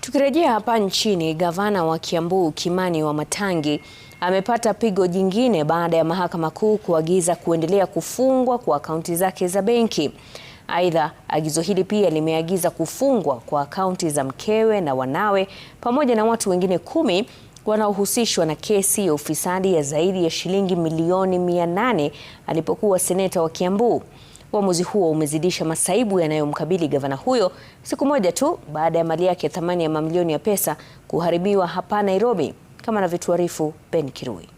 Tukirejea hapa nchini, gavana wa Kiambu Kimani Wamatangi amepata pigo jingine baada ya mahakama kuu kuagiza kuendelea kufungwa kwa akaunti zake za benki. Aidha, agizo hili pia limeagiza kufungwa kwa akaunti za mkewe na wanawe pamoja na watu wengine kumi wanaohusishwa na kesi ya ufisadi ya zaidi ya shilingi milioni 800 alipokuwa seneta wa Kiambu. Uamuzi huo umezidisha masaibu yanayomkabili gavana huyo siku moja tu baada ya mali yake ya thamani ya mamilioni ya pesa kuharibiwa hapa Nairobi, kama anavyotuarifu Ben Kirui.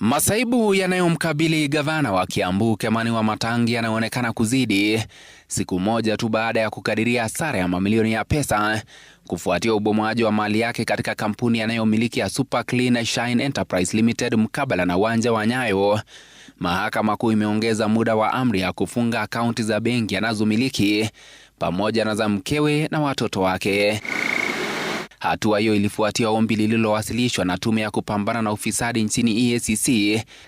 Masaibu yanayomkabili gavana wa Kiambu wa Wamatangi yanayoonekana kuzidi siku moja tu baada ya kukadiria hasara ya mamilioni ya pesa kufuatia ubomoaji wa mali yake katika kampuni yanayomiliki ya Super Clean Shine Enterprise Limited mkabala na uwanja wa Nyayo. Mahakama Kuu imeongeza muda wa amri ya kufunga akaunti za benki anazomiliki pamoja na za mkewe na watoto wake. Hatua hiyo ilifuatia ombi lililowasilishwa na tume ya kupambana na ufisadi nchini EACC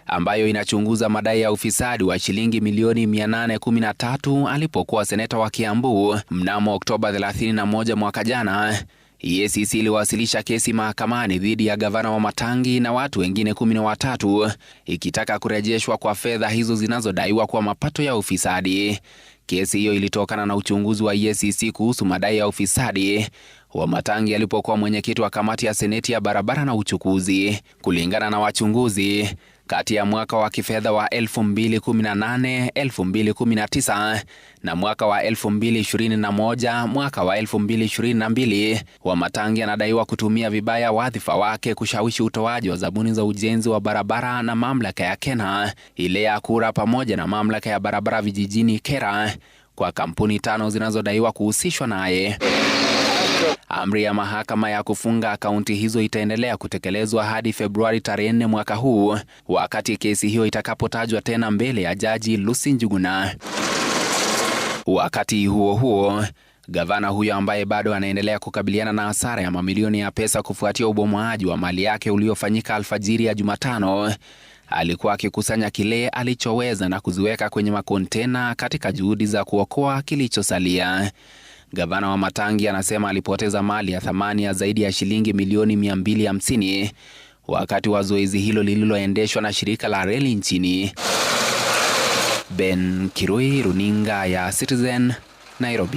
ambayo inachunguza madai ya ufisadi wa shilingi milioni 813 alipokuwa seneta wa Kiambu mnamo Oktoba 31 mwaka jana. EACC iliwasilisha kesi mahakamani dhidi ya gavana wa Matangi na watu wengine kumi na watatu ikitaka kurejeshwa kwa fedha hizo zinazodaiwa kwa mapato ya ufisadi. Kesi hiyo ilitokana na uchunguzi wa EACC kuhusu madai ya ufisadi Wamatangi alipokuwa mwenyekiti wa kamati ya seneti ya barabara na uchukuzi. Kulingana na wachunguzi, kati ya mwaka wa kifedha wa 2018 2019 na mwaka wa 2021 mwaka wa 2022, Wamatangi anadaiwa kutumia vibaya wadhifa wake kushawishi utoaji wa zabuni za ujenzi wa barabara na mamlaka ya Kena ile ya kura pamoja na mamlaka ya barabara vijijini Kera kwa kampuni tano zinazodaiwa kuhusishwa naye. Amri ya mahakama ya kufunga akaunti hizo itaendelea kutekelezwa hadi Februari tarehe nne mwaka huu, wakati kesi hiyo itakapotajwa tena mbele ya Jaji Lucy Njuguna. Wakati huo huo, gavana huyo ambaye bado anaendelea kukabiliana na hasara ya mamilioni ya pesa kufuatia ubomoaji wa mali yake uliofanyika alfajiri ya Jumatano alikuwa akikusanya kile alichoweza na kuziweka kwenye makontena katika juhudi za kuokoa kilichosalia. Gavana wa Matangi anasema alipoteza mali ya thamani ya zaidi ya shilingi milioni 250 wakati wa zoezi hilo lililoendeshwa na shirika la reli nchini. Ben Kirui, runinga ya Citizen, Nairobi.